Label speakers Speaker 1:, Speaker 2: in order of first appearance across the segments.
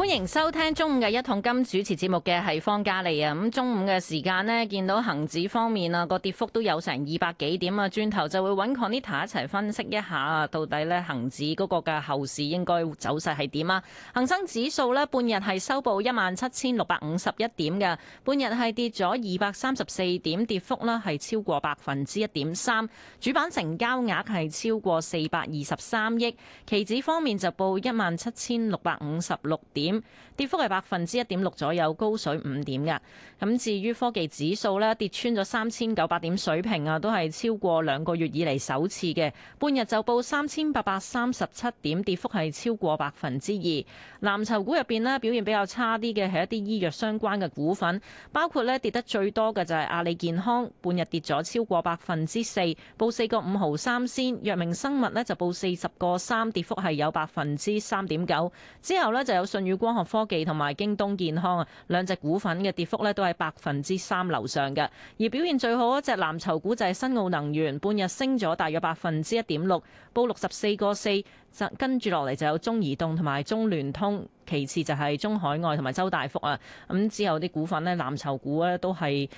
Speaker 1: 歡迎收聽中午嘅一桶金，主持節目嘅係方嘉莉啊！咁中午嘅時間咧，見到恒指方面啊，個跌幅都有成二百幾點啊，轉頭就會揾 Conita 一齊分析一下啊，到底咧恒指嗰個嘅後市應該走勢係點啊？恒生指數咧半日係收報一萬七千六百五十一點嘅，半日係跌咗二百三十四點，跌幅咧係超過百分之一點三，主板成交額係超過四百二十三億，期指方面就報一萬七千六百五十六點。跌幅係百分之一點六左右，高水五點嘅。咁至於科技指數呢跌穿咗三千九百點水平啊，都係超過兩個月以嚟首次嘅。半日就報三千八百三十七點，跌幅係超過百分之二。藍籌股入邊呢表現比較差啲嘅係一啲醫藥相關嘅股份，包括呢跌得最多嘅就係阿里健康，半日跌咗超過百分之四，報四個五毫三仙。藥明生物呢就報四十個三，跌幅係有百分之三點九。之後呢就有信義。光學科技同埋京東健康啊，兩隻股份嘅跌幅呢都係百分之三樓上嘅。而表現最好嗰隻藍籌股就係新奧能源，半日升咗大約百分之一點六，報六十四個四。跟住落嚟就有中移動同埋中聯通，其次就係中海外同埋周大福啊。咁之後啲股份呢，藍籌股呢都係。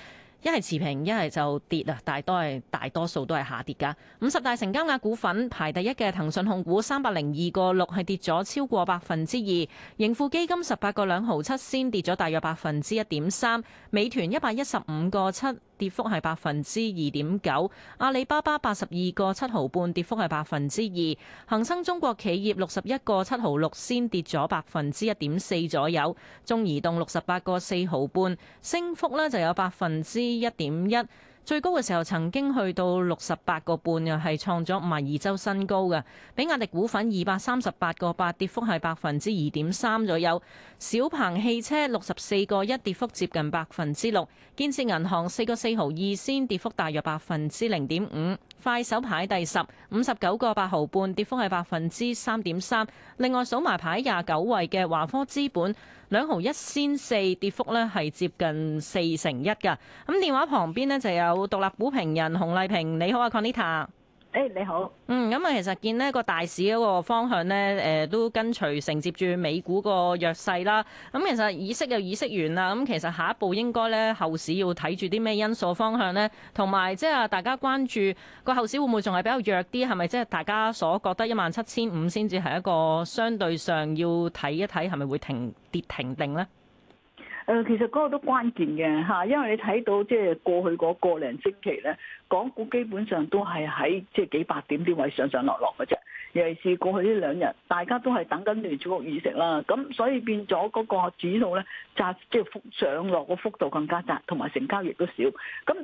Speaker 1: 一係持平，一係就跌啊！大多係大多數都係下跌㗎。五十大成交額股份排第一嘅騰訊控股三百零二個六，係跌咗超過百分之二。盈富基金十八個兩毫七，先跌咗大約百分之一點三。美團一百一十五個七，跌幅係百分之二點九，阿里巴巴八十二個七毫半，跌幅係百分之二。恒生中國企業六十一個七毫六，先跌咗百分之一點四左右。中移動六十八個四毫半，升幅呢就有百分之一點一。最高嘅時候曾經去到六十八個半，又係創咗五十二周新高嘅。比亞迪股份二百三十八個八，跌幅係百分之二點三左右。小鵬汽車六十四個一，跌幅接近百分之六。建設銀行四個四毫二先，跌幅大約百分之零點五。快手排第十，五十九個八毫半，跌幅係百分之三點三。另外數埋排廿九位嘅華科資本兩毫一仙四，跌幅呢係接近四成一嘅。咁電話旁邊呢就有獨立股評人熊麗萍，你好啊，Conita。誒你好，嗯，咁啊，其實見呢個大市嗰個方向呢，誒、呃、都跟隨承接住美股個弱勢啦。咁、嗯、其實意識又意識完啦，咁、嗯、其實下一步應該咧後市要睇住啲咩因素方向呢？同埋即係大家關注個後市會唔會仲係比較弱啲？係咪即係大家所覺得一萬七千五先至係一個相對上要睇一睇係咪會停跌停定呢？
Speaker 2: 誒，其實嗰個都關鍵嘅嚇，因為你睇到即係過去嗰個零星期咧，港股基本上都係喺即係幾百點啲位上上落落嘅啫。尤其是過去呢兩日，大家都係等緊聯儲局議息啦，咁所以變咗嗰個指數咧窄，即係幅上落嘅幅度更加窄，同埋成交亦都少。咁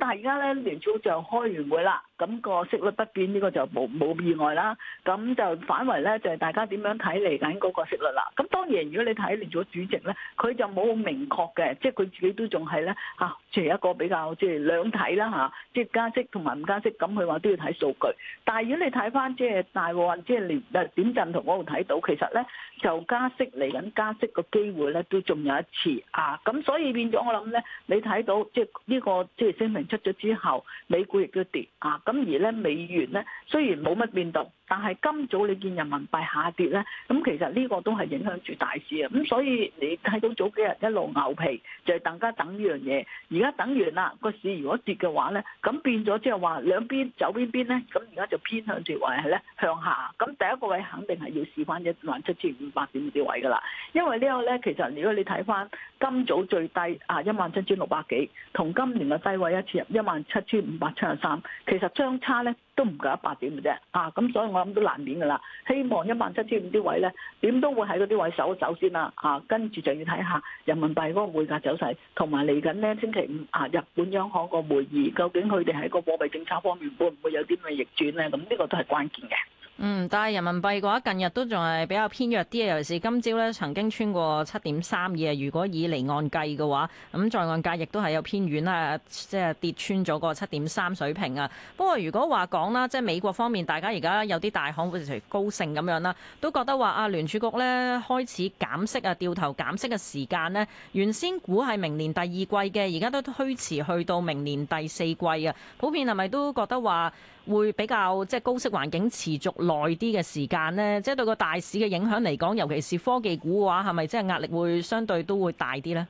Speaker 2: 但係而家咧，聯儲就開完會啦。咁個息率不變呢、呢個就冇冇意外啦。咁就反為咧就係、是、大家點樣睇嚟緊嗰個息率啦。咁當然如果你睇聯儲主席咧，佢就冇好明確嘅，即係佢自己都仲係咧嚇，即、啊、係一個比較即係、就是、兩睇啦吓，即、啊、係、就是、加息同埋唔加息。咁佢話都要睇數據。但係如果你睇翻即係大鑊啊，即、就、係、是、連啊點陣同我度睇到，其實咧就加息嚟緊加息個機會咧都仲有一次啊。咁所以變咗我諗咧，你睇到即係呢個即係、就是、聲明出咗之後，美股亦都跌啊。咁而呢，美元呢，雖然冇乜變動。但係今早你見人民幣下跌咧，咁其實呢個都係影響住大市嘅，咁所以你睇到早幾日一路牛皮，就係等加等呢樣嘢。而家等完啦，個市如果跌嘅話咧，咁變咗即係話兩邊走邊邊咧，咁而家就偏向住話係咧向下。咁第一個位肯定係要試翻一萬七千五百點啲位㗎喇，因為呢個咧其實如果你睇翻今早最低啊一萬七千六百幾，同今年嘅低位一次一萬七千五百七十三，其實相差咧，都唔夠一百點嘅啫，啊，啊，咁所以我諗都難免㗎啦。希望一萬七千五啲位咧，點都會喺嗰啲位走一走先啦，啊，跟住就要睇下人民幣嗰個匯價走勢，同埋嚟緊咧星期五啊日本央行個會議，究竟佢哋喺個貨幣政策方面會唔會有啲咩逆轉咧？咁呢個都係關鍵嘅。
Speaker 1: 嗯，但係人民幣嘅話，近日都仲係比較偏弱啲嘅，尤其是今朝咧，曾經穿過七點三二。如果以離岸計嘅話，咁在岸價亦都係有偏遠啦，即係跌穿咗個七點三水平啊。不過如果話講啦，即係美國方面，大家而家有啲大行好似高盛咁樣啦，都覺得話啊聯儲局咧開始減息啊，掉頭減息嘅時間呢，原先估係明年第二季嘅，而家都推遲去到明年第四季啊。普遍係咪都覺得話？會比較即係、就是、高息環境持續耐啲嘅時間呢，即係、就是、對個大市嘅影響嚟講，尤其是科技股嘅話，係咪即係壓力會相對都會大啲呢？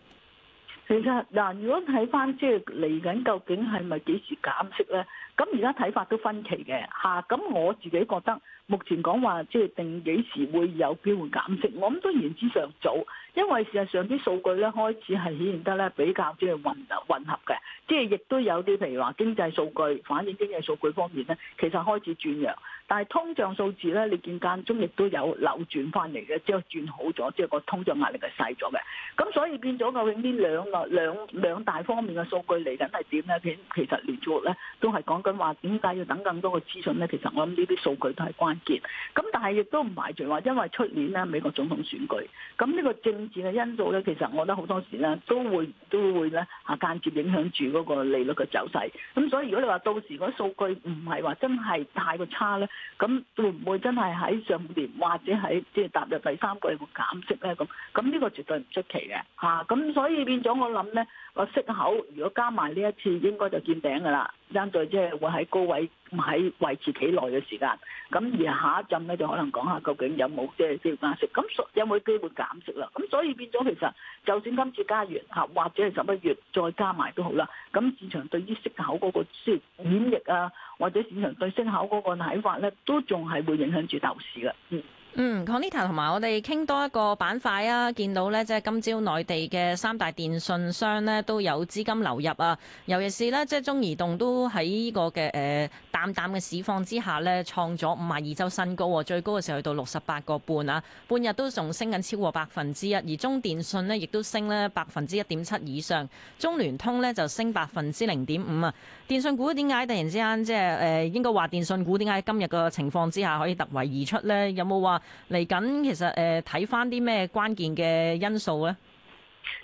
Speaker 2: 其實嗱，如果睇翻即係嚟緊，究竟係咪幾時減息咧？咁而家睇法都分歧嘅，吓、啊，咁我自己覺得，目前講話即係定幾時會有機會減息，我諗都言之尚早，因為事實上啲數據咧開始係顯現得咧比較即係混混合嘅，即係亦都有啲譬如話經濟數據反映經濟數據方面咧，其實開始轉弱。但係通脹數字咧，你見間中亦都有扭轉翻嚟嘅，即係轉好咗，即係個通脹壓力係細咗嘅。咁所以變咗究竟呢兩個兩兩大方面嘅數據嚟緊係點咧？其其實聯儲局咧都係講緊話點解要等更多嘅資訊咧？其實我諗呢啲數據都係關鍵。咁但係亦都唔排除話，因為出年咧美國總統選舉，咁呢個政治嘅因素咧，其實我覺得好多時咧都會都會咧嚇間接影響住嗰個利率嘅走勢。咁所以如果你話到時個數據唔係話真係太過差咧，咁會唔會真係喺上半年或者喺即係踏入第三季會減息咧？咁咁呢個絕對唔出奇嘅吓。咁、啊、所以變咗我諗咧。個息口如果加埋呢一次，應該就見頂噶啦，爭在即係會喺高位喺維持幾耐嘅時間。咁而下一陣咧，就可能講下究竟有冇即係需要加息，咁有冇機會減息啦？咁所以變咗其實，就算今次加完吓，或者係十一月再加埋都好啦。咁市場對於息口嗰個即係演繹啊，或者市場對息口嗰個睇法咧，都仲係會影響住樓市嘅。嗯。
Speaker 1: 嗯，Conita 同埋我哋傾多一個板塊啊，見到咧，即係今朝內地嘅三大電訊商咧都有資金流入啊，尤其是咧，即係中移動都喺呢個嘅誒。呃淡淡嘅市況之下呢，創咗五十二周新高，最高嘅時候去到六十八個半啊，半日都仲升緊，超過百分之一。而中電信呢亦都升咧，百分之一點七以上。中聯通呢就升百分之零點五啊。電信股點解突然之間即係誒，應該話電信股點解喺今日嘅情況之下可以突圍而出呢？有冇話嚟緊？其實誒，睇翻啲咩關鍵嘅因素呢？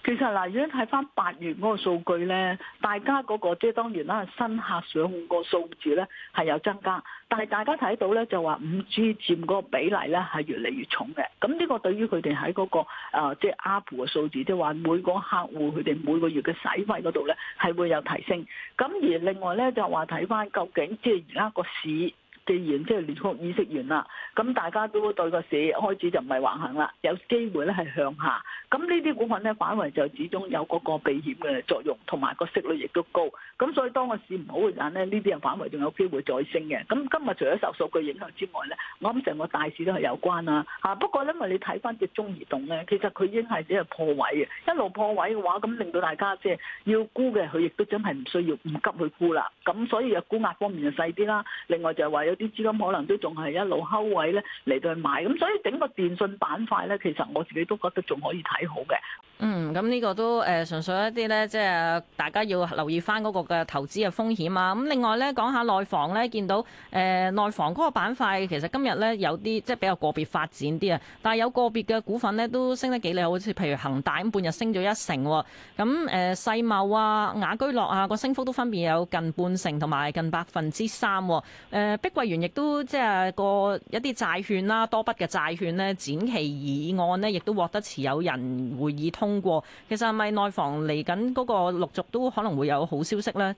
Speaker 2: 其實嗱，如果睇翻八月嗰個數據咧，大家嗰、那個即係當然啦，新客上個數字咧係有增加，但係大家睇到咧就話五 G 佔嗰個比例咧係越嚟越重嘅。咁呢個對於佢哋喺嗰個誒、呃、即係 ARPU 嘅數字，即係話每個客戶佢哋每個月嘅使費嗰度咧係會有提升。咁而另外咧就話睇翻究竟即係而家個市。既然即係聯儲議息完啦，咁大家都對個市開始就唔係橫行啦，有機會咧係向下。咁呢啲股份咧反為就始終有個個避險嘅作用，同埋個息率亦都高。咁所以當個市唔好嘅陣咧，呢啲人反為仲有機會再升嘅。咁今日除咗受數據影響之外咧，我諗成個大市都係有關啦。嚇，不過因為你睇翻隻中移動咧，其實佢已經係只係破位嘅，一路破位嘅話，咁令到大家即係要沽嘅，佢亦都真係唔需要唔急去沽啦。咁所以啊，沽壓方面就細啲啦。另外就係話啲資金可能都仲係一路睺位咧嚟到去買，咁所以整個電信板塊咧，其實我自己都覺得仲可以睇好嘅。
Speaker 1: 嗯，咁呢個都誒純粹一啲咧，即係大家要留意翻嗰個嘅投資嘅風險啊。咁另外咧，講下內房咧，見到誒、呃、內房嗰個板塊其實今日咧有啲即係比較個別發展啲啊，但係有個別嘅股份咧都升得幾靚，好似譬如恒大咁半日升咗一成喎。咁、哦、誒、呃、世茂啊、雅居樂啊、個升幅都分別有近半成同埋近百分之三。誒、哦呃、碧桂源亦都即係個一啲債券啦，多筆嘅債券咧，展期議案咧，亦都獲得持有人會議通過。其實係咪內房嚟緊嗰個陸續都可能會有好消息咧？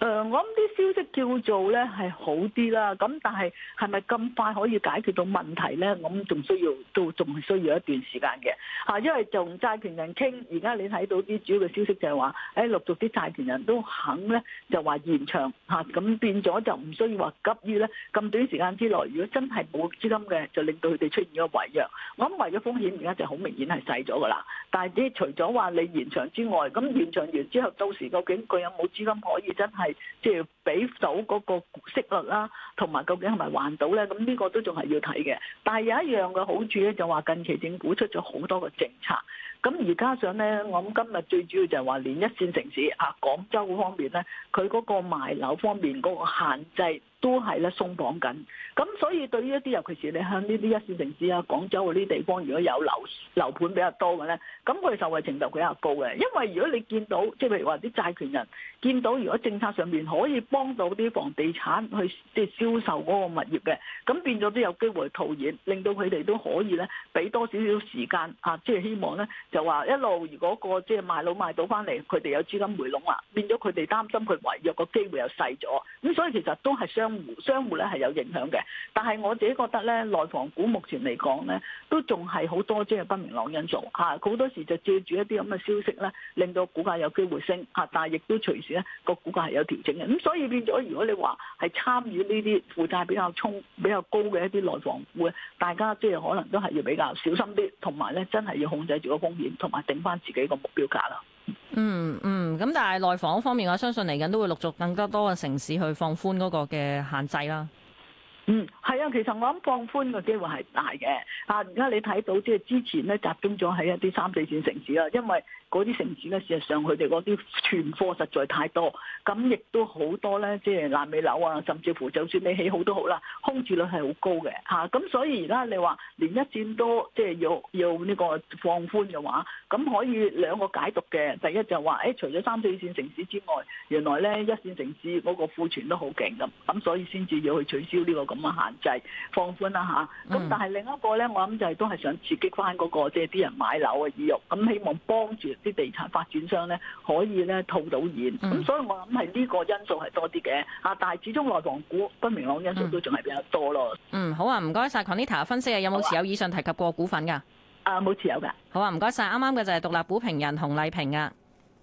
Speaker 1: 誒、嗯，我諗啲消息叫做咧係好啲啦，咁但係係咪咁快可以解
Speaker 2: 決到問題咧？我諗仲需要都仲係需要一段時間嘅嚇、啊，因為同債權人傾，而家你睇到啲主要嘅消息就係話，誒、欸、陸續啲債權人都肯咧，就話延長嚇，咁、啊、變咗就唔需要話急於咧咁短時間之內，如果真係冇資金嘅，就令到佢哋出現咗違約，我諗違約風險而家就好明顯係細咗噶啦。但係啲除咗話你延長之外，咁延長完之後到時究竟佢有冇資金可以真係？即係俾到嗰個息率啦、啊，同埋究竟係咪還到咧？咁呢個都仲係要睇嘅。但係有一樣嘅好處咧，就話近期政府出咗好多個政策。咁而加上咧，我諗今日最主要就係話，連一線城市啊，廣州嗰方面咧，佢嗰個賣樓方面嗰個限制。都係咧鬆綁緊，咁所以對於一啲尤其是你向呢啲一線城市啊、廣州嗰啲地方，如果有樓樓盤比較多嘅咧，咁佢受惠程度比較高嘅，因為如果你見到即係譬如話啲債權人見到如果政策上面可以幫到啲房地產去即係銷售嗰個物業嘅，咁變咗都有機會套現，令到佢哋都可以咧俾多少少時間啊，即、就、係、是、希望咧就話一路如果、那個即係、就是、賣樓賣到翻嚟，佢哋有資金回籠啊，變咗佢哋擔心佢違約、那個機會又細咗，咁所以其實都係相。相互咧係有影響嘅，但係我自己覺得咧，內房股目前嚟講咧，都仲係好多即係不明朗因素嚇，好多時就借住一啲咁嘅消息咧，令到股價有機會升嚇，但係亦都隨時咧個股價係有調整嘅，咁所以變咗如果你話係參與呢啲負債比較充比較高嘅一啲內房股，大家即係可能都係要比較小心啲，同埋咧真係要控制住個風險，同埋定返自己個目標價啦。
Speaker 1: 嗯嗯，咁、嗯、但係內房方面，我相信嚟緊都會陸續更加多嘅城市去放寬嗰個嘅限制啦。嗯，係啊，其實我諗放
Speaker 2: 寬嘅機會係大嘅。啊，而家你睇到即係之前咧集中咗喺一啲三四線城市啊，因為。嗰啲城市咧，事實上佢哋嗰啲存貨實在太多，咁亦都好多咧，即係爛尾樓啊，甚至乎就算你起好都好啦，空置率係好高嘅嚇。咁、啊、所以而家你話連一線都即係要要呢個放寬嘅話，咁可以兩個解讀嘅，第一就係話，誒、欸、除咗三四線城市之外，原來咧一線城市嗰個庫存都好勁咁，咁所以先至要去取消呢個咁嘅限制放寬啦、啊、嚇。咁、啊、但係另一個咧，我諗就係都係想刺激翻、那、嗰個即係啲人買樓嘅意欲，咁希望幫住。啲地產發展商咧可以咧套到現，咁、嗯、所以我諗係呢個因素係多啲嘅啊！但係始終內房股不明朗因素都仲係比較多咯。嗯，
Speaker 1: 好啊，唔該曬 Conita 分析啊，有冇持有以上提及過股份噶？啊，冇持有㗎。好啊，唔該晒。啱啱嘅就係獨立股評人熊麗萍啊。